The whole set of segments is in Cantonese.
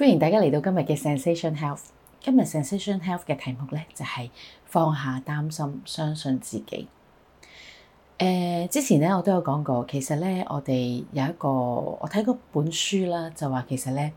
歡迎大家嚟到今日嘅 Sensation Health。今日 Sensation Health 嘅題目呢，就係、是、放下擔心，相信自己。呃，之前呢，我都有講過，其實呢，我哋有一個，我睇過本書啦，就話其實呢，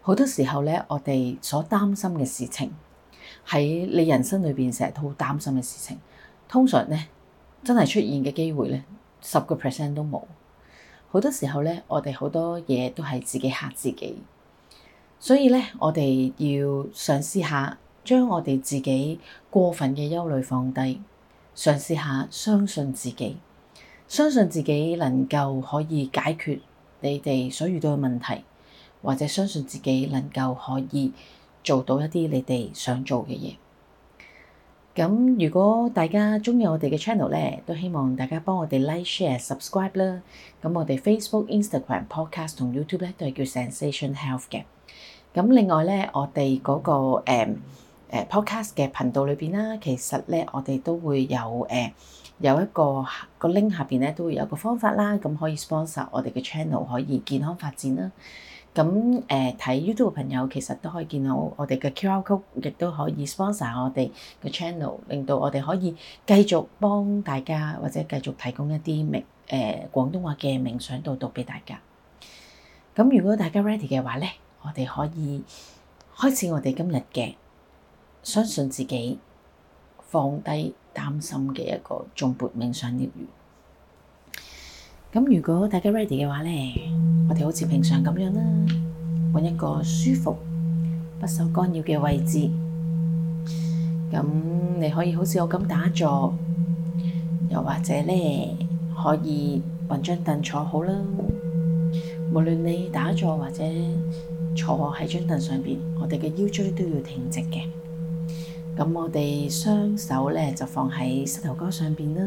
好多時候呢，我哋所擔心嘅事情，喺你人生裏面成日都好擔心嘅事情，通常呢，真係出現嘅機會呢，十個 percent 都冇。好多時候呢，我哋好多嘢都係自己吓自己。所以咧，我哋要嘗試下將我哋自己過分嘅憂慮放低，嘗試下相信自己，相信自己能夠可以解決你哋所遇到嘅問題，或者相信自己能夠可以做到一啲你哋想做嘅嘢。咁如果大家鍾意我哋嘅 channel 咧，都希望大家幫我哋 like、share、subscribe 啦。咁我哋 Facebook、Instagram、Podcast 同 YouTube 咧都係叫 Zensation Health 嘅。咁另外咧，我哋嗰、那個誒、um, uh, podcast 嘅頻道裏邊啦，其實咧，我哋都會有誒、uh, 有一個一個 link 下邊咧都會有個方法啦，咁可以 sponsor 我哋嘅 channel 可以健康發展啦。咁誒睇 YouTube 朋友其實都可以見到我哋嘅 QR code，亦都可以 sponsor 我哋嘅 channel，令到我哋可以繼續幫大家或者繼續提供一啲明誒廣東話嘅冥想導讀俾大家。咁如果大家 ready 嘅話咧，我哋可以開始我哋今日嘅相信自己，放低擔心嘅一個頌缽冥想練習。咁如果大家 ready 嘅話咧，我哋好似平常咁樣啦，揾一個舒服、不受干擾嘅位置。咁你可以好似我咁打坐，又或者咧可以揾張凳坐好啦。無論你打坐或者，坐喺張凳上邊，我哋嘅腰椎都要挺直嘅。咁我哋雙手咧就放喺膝頭哥上邊啦。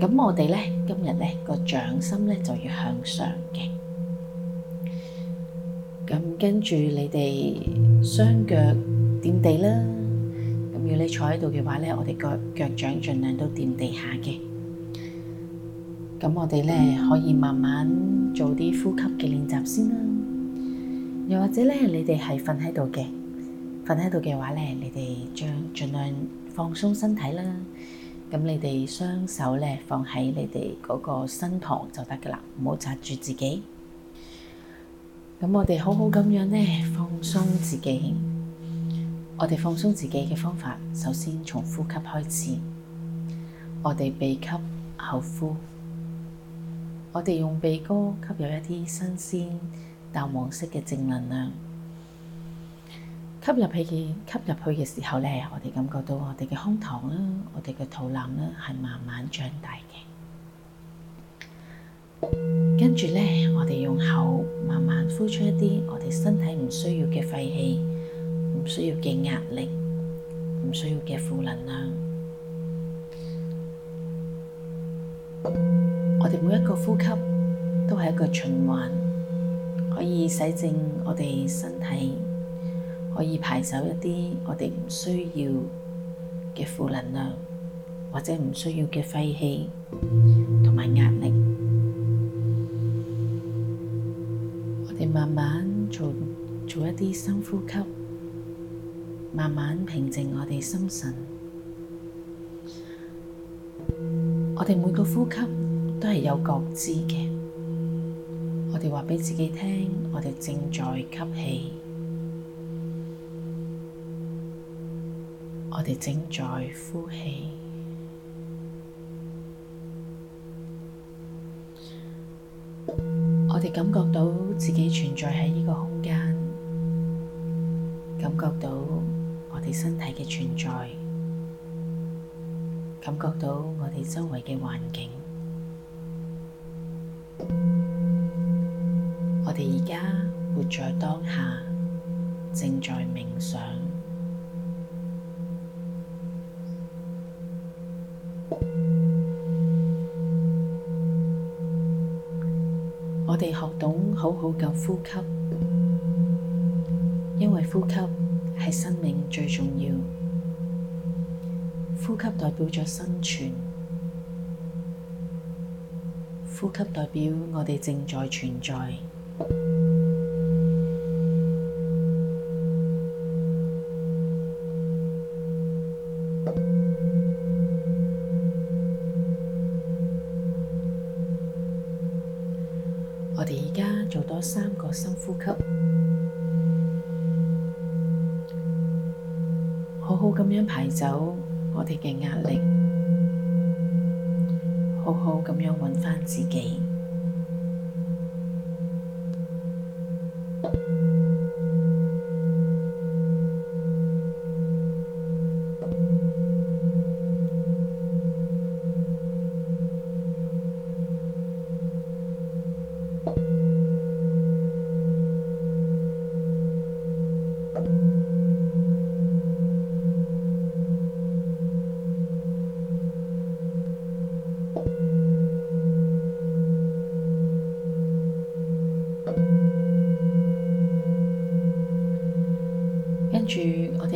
咁我哋咧今日咧個掌心咧就要向上嘅。咁跟住你哋雙腳掂地啦。咁要你坐喺度嘅話咧，我哋個腳，腳掌盡量都掂地下嘅。咁我哋咧可以慢慢做啲呼吸嘅練習先啦。又或者咧，你哋係瞓喺度嘅，瞓喺度嘅話咧，你哋將盡量放鬆身體啦。咁你哋雙手咧放喺你哋嗰個身旁就得噶啦，唔好紮住自己。咁我哋好好咁樣咧，放鬆自己。我哋放鬆自己嘅方法，首先從呼吸開始。我哋鼻吸口呼，我哋用鼻哥吸入一啲新鮮。有黃色嘅正能量吸入去嘅，吸入去嘅時候呢，我哋感覺到我哋嘅胸膛啦，我哋嘅肚腩啦係慢慢長大嘅。跟住呢，我哋用口慢慢呼出一啲我哋身體唔需要嘅廢氣，唔需要嘅壓力，唔需要嘅負能量。我哋每一個呼吸都係一個循環。可以洗淨我哋身體，可以排走一啲我哋唔需要嘅負能量，或者唔需要嘅廢氣同埋壓力。我哋慢慢做做一啲深呼吸，慢慢平靜我哋心神。我哋每個呼吸都係有覺知嘅。我哋話畀自己聽，我哋正在吸氣，我哋正在呼氣，我哋感覺到自己存在喺呢個空間，感覺到我哋身體嘅存在，感覺到我哋周圍嘅環境。我哋而家活在當下，正在冥想。我哋學懂好好咁呼吸，因為呼吸係生命最重要。呼吸代表咗生存，呼吸代表我哋正在存在。我哋而家做多三個深呼吸，好好咁樣排走我哋嘅壓力，好好咁樣揾翻自己。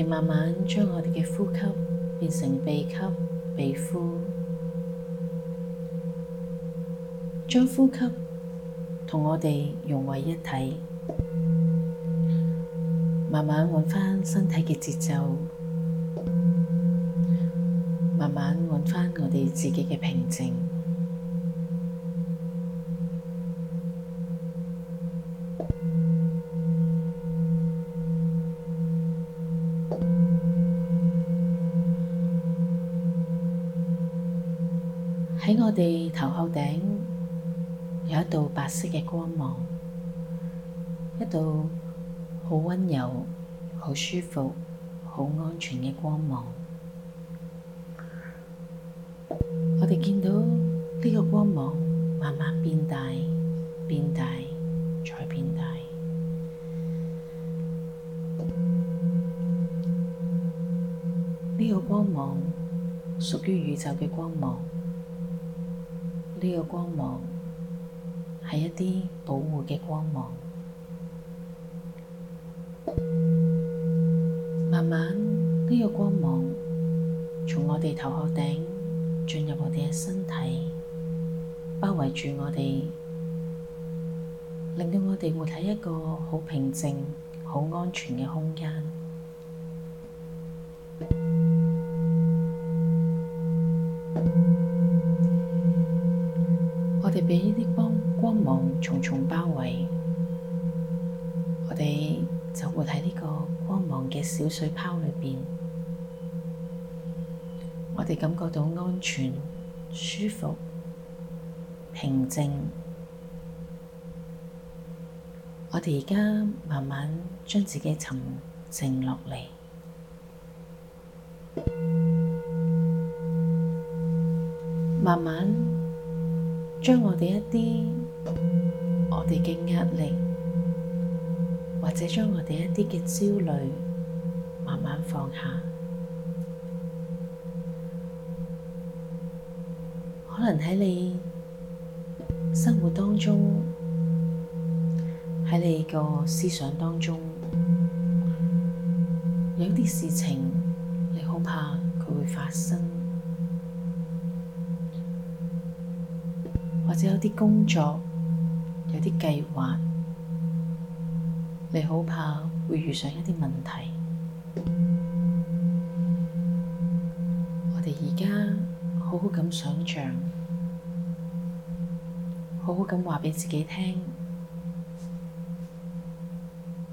慢慢將我哋嘅呼吸變成鼻吸、鼻呼，將呼吸同我哋融為一體，慢慢搵返身體嘅節奏，慢慢搵返我哋自己嘅平靜。喺我哋頭後頂有一道白色嘅光芒，一道好溫柔、好舒服、好安全嘅光芒。我哋見到呢個光芒慢慢變大、變大，再變大。呢、這個光芒屬於宇宙嘅光芒。呢個光芒係一啲保護嘅光芒，慢慢呢個光芒從我哋頭殼頂進入我哋嘅身體，包圍住我哋，令到我哋活喺一個好平靜、好安全嘅空間。重重包圍，我哋就活喺呢個光芒嘅小水泡裏邊。我哋感覺到安全、舒服、平靜。我哋而家慢慢將自己沉靜落嚟，慢慢將我哋一啲。我哋嘅壓力，或者將我哋一啲嘅焦慮慢慢放下，可能喺你生活當中，喺你個思想當中，有啲事情你好怕佢會發生，或者有啲工作。啲計劃，你好怕會遇上一啲問題。我哋而家好好咁想像，好好咁話畀自己聽，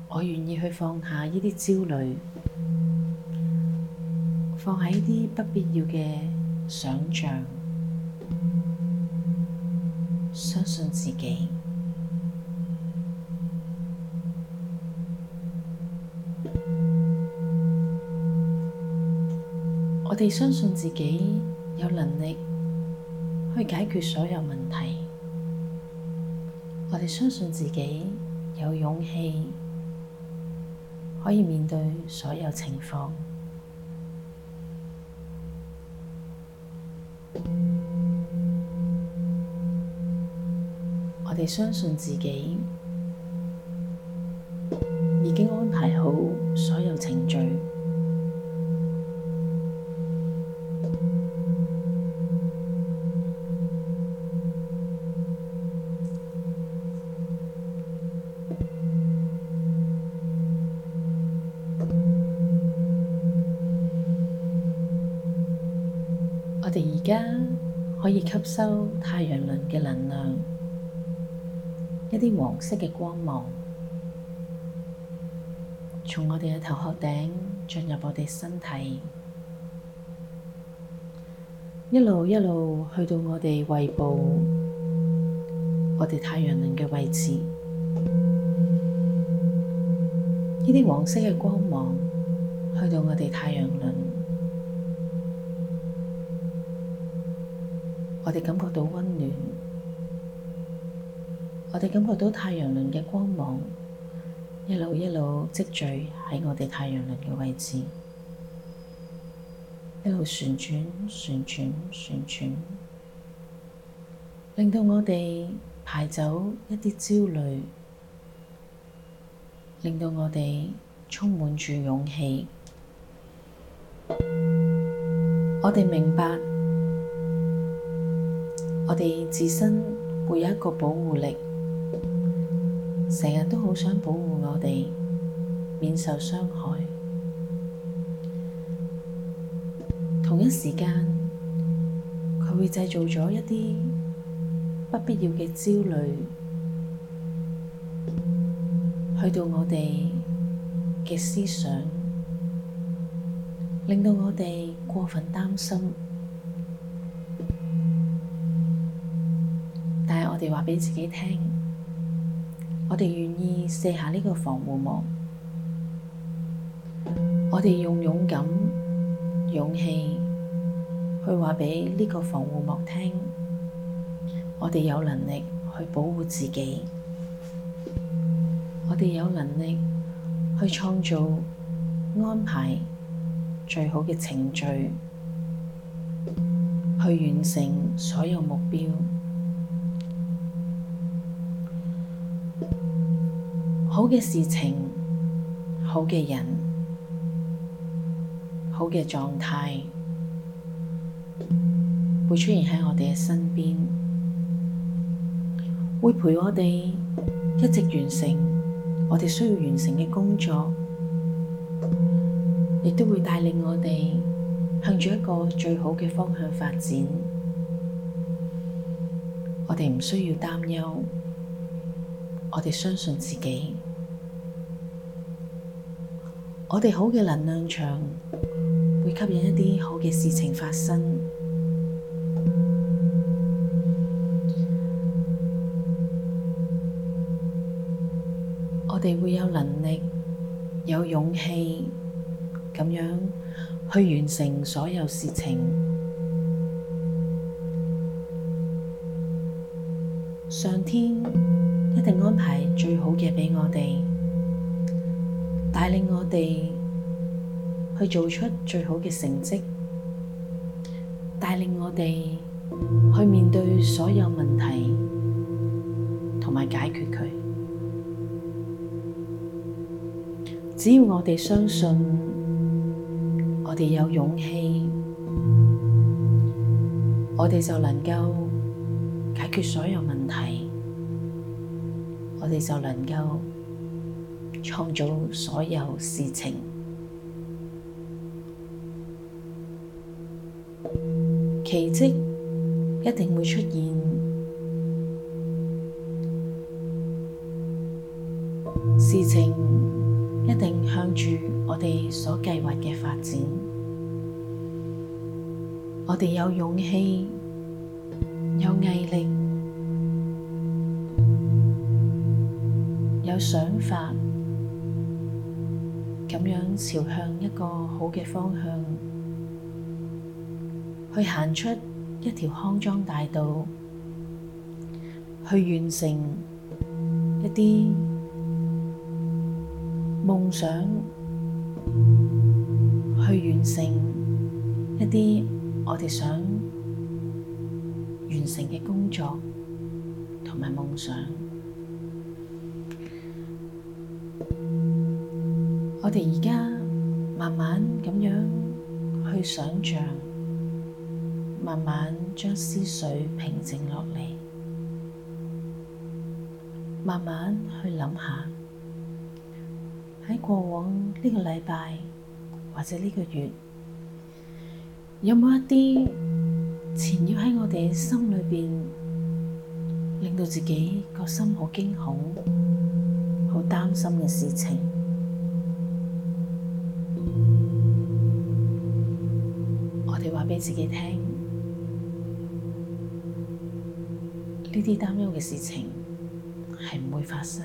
我願意去放下呢啲焦慮，放喺啲不必要嘅想像，相信自己。我哋相信自己有能力去解決所有問題。我哋相信自己有勇氣，可以面對所有情況。我哋相信自己已經安排好。吸收太陽輪嘅能量，一啲黃色嘅光芒從我哋嘅頭殼頂進入我哋身體，一路一路去到我哋胃部，我哋太陽輪嘅位置，呢啲黃色嘅光芒去到我哋太陽輪。我哋感覺到溫暖，我哋感覺到太陽輪嘅光芒，一路一路積聚喺我哋太陽輪嘅位置，一路旋轉、旋轉、旋轉，旋轉，令到我哋排走一啲焦慮，令到我哋充滿住勇氣，我哋明白。我哋自身會有一個保護力，成日都好想保護我哋免受傷害。同一時間，佢會製造咗一啲不必要嘅焦慮，去到我哋嘅思想，令到我哋過分擔心。話畀自己聽，我哋願意卸下呢個防護膜。我哋用勇敢、勇氣去話畀呢個防護膜聽，我哋有能力去保護自己。我哋有能力去創造、安排最好嘅程序，去完成所有目標。好嘅事情，好嘅人，好嘅狀態會出現喺我哋嘅身邊，會陪我哋一直完成我哋需要完成嘅工作，亦都會帶領我哋向住一個最好嘅方向發展。我哋唔需要擔憂，我哋相信自己。我哋好嘅能量場會吸引一啲好嘅事情發生，我哋會有能力、有勇氣咁樣去完成所有事情。上天一定安排最好嘅畀我哋。帶領我哋去做出最好嘅成績，帶領我哋去面對所有問題，同埋解決佢。只要我哋相信我，我哋有勇氣，我哋就能夠解決所有問題，我哋就能夠。創造所有事情，奇跡一定會出現。事情一定向住我哋所計劃嘅發展。我哋有勇氣，有毅力，有想法。咁樣朝向一個好嘅方向，去行出一條康莊大道，去完成一啲夢想，去完成一啲我哋想完成嘅工作同埋夢想。我哋而家慢慢咁樣去想象，慢慢將思緒平靜落嚟，慢慢去諗下喺過往呢個禮拜或者呢個月，有冇一啲纏繞喺我哋心裏邊，令到自己個心好驚恐、好擔心嘅事情？自己聽呢啲擔憂嘅事情係唔會發生，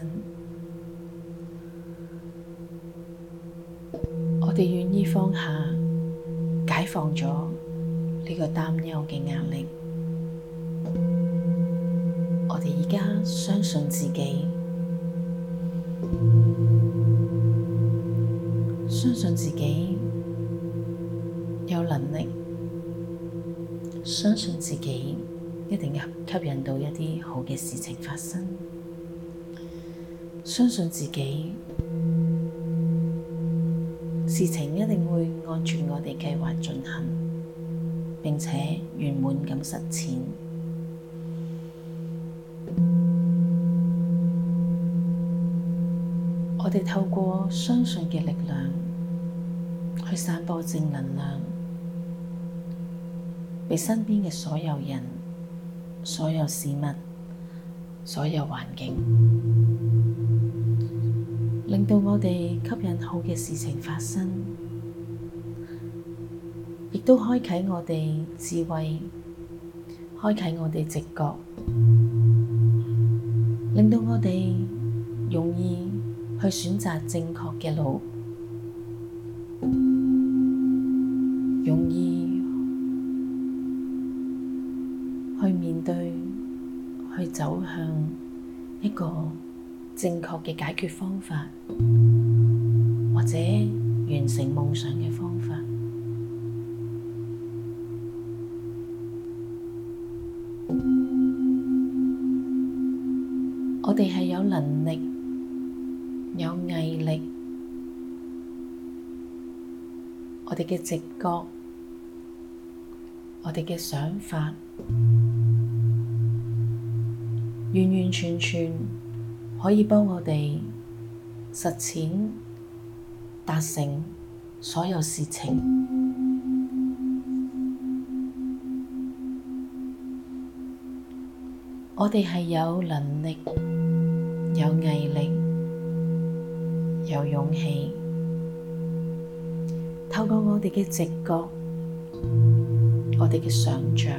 我哋願意放下，解放咗呢個擔憂嘅壓力，我哋而家相信自己，相信自己有能力。相信自己，一定吸吸引到一啲好嘅事情發生。相信自己，事情一定會按住我哋計劃進行，並且圓滿咁實踐。我哋透過相信嘅力量，去散播正能量，俾身邊嘅所有人、所有事物、所有環境，令到我哋吸引好嘅事情發生，亦都開啟我哋智慧，開啟我哋直覺，令到我哋容易去選擇正確嘅路。一個正確嘅解決方法，或者完成夢想嘅方法。我哋係有能力、有毅力，我哋嘅直覺，我哋嘅想法。完完全全可以幫我哋實踐達成所有事情。我哋係有能力、有毅力、有勇氣，透過我哋嘅直覺、我哋嘅想象，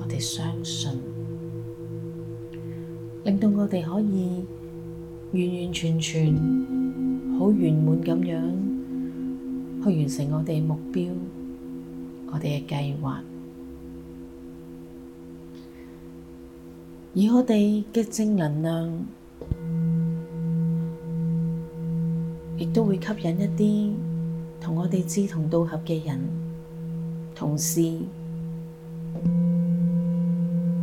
我哋相信。令到我哋可以完完全全好圓滿咁樣去完成我哋目標，我哋嘅計劃。以我哋嘅正能量，亦都會吸引一啲同我哋志同道合嘅人、同事。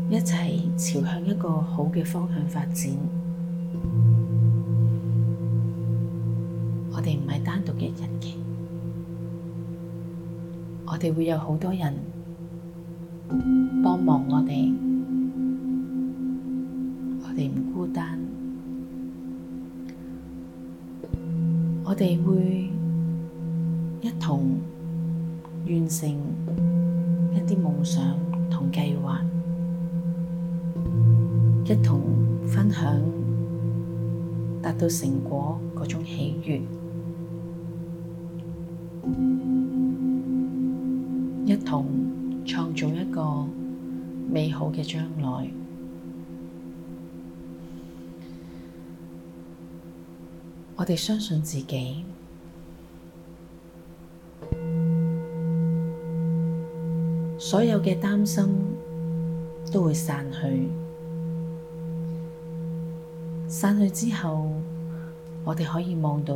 一齊朝向一個好嘅方向發展。我哋唔係單獨嘅人嘅，我哋會有好多人幫忙我哋，我哋唔孤單，我哋會一同完成一啲夢想同計劃。一同分享，達到成果嗰種喜悅；一同創造一個美好嘅將來。我哋相信自己，所有嘅擔心都會散去。散去之後，我哋可以望到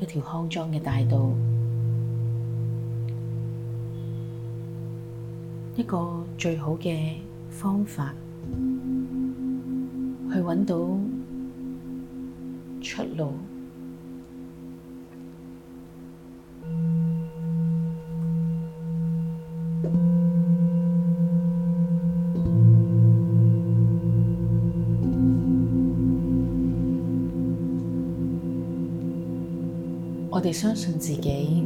一條康莊嘅大道，一個最好嘅方法去揾到出路。我哋相信自己，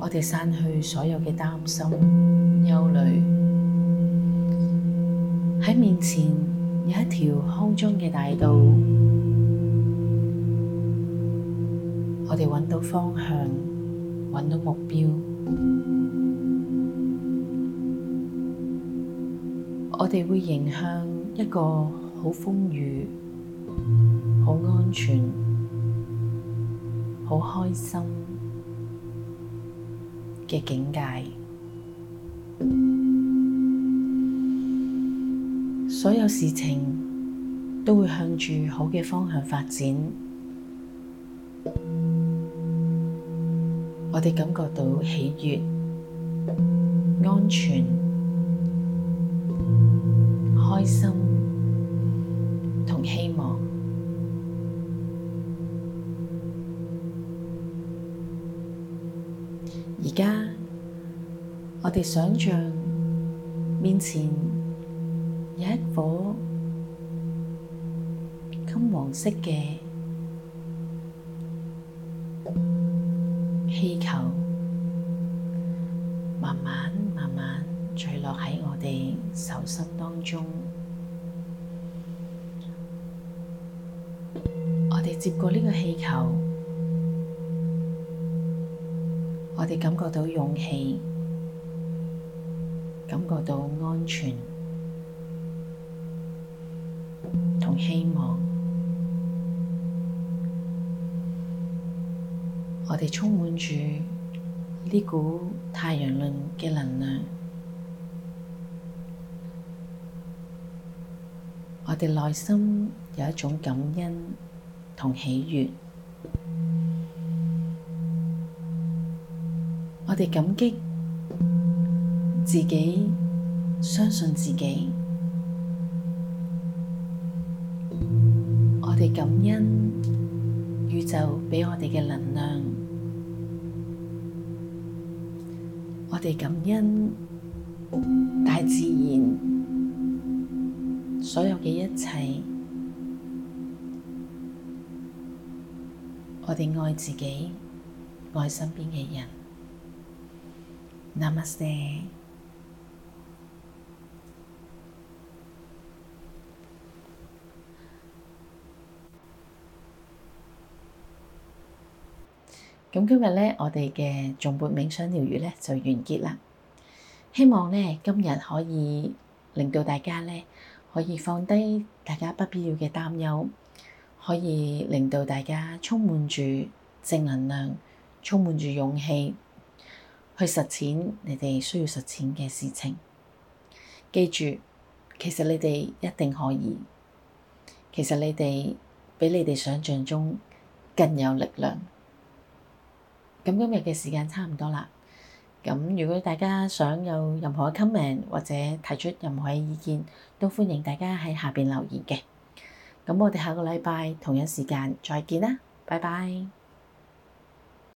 我哋散去所有嘅擔心、憂慮，喺面前有一條空中嘅大道，我哋搵到方向，搵到目標，我哋會迎向一個好風雨、好安全。好開心嘅境界，所有事情都會向住好嘅方向發展，我哋感覺到喜悦、安全、開心。我哋想象面前有一顆金黃色嘅氣球，慢慢慢慢墜落喺我哋手心當中。我哋接過呢個氣球，我哋感覺到勇氣。感覺到安全同希望，我哋充滿住呢股太陽輪嘅能量，我哋內心有一種感恩同喜悅，我哋感激。自己相信自己，我哋感恩宇宙畀我哋嘅能量，我哋感恩大自然所有嘅一切，我哋愛自己，愛身邊嘅人。Namaste。咁今日呢，我哋嘅頌缽冥想療癒呢就完結啦。希望呢今日可以令到大家呢可以放低大家不必要嘅擔憂，可以令到大家充滿住正能量，充滿住勇氣去實踐你哋需要實踐嘅事情。記住，其實你哋一定可以，其實你哋比你哋想象中更有力量。咁今日嘅時間差唔多啦，咁如果大家想有任何嘅 comment 或者提出任何嘅意見，都歡迎大家喺下邊留言嘅。咁我哋下個禮拜同樣時間再見啦，拜拜。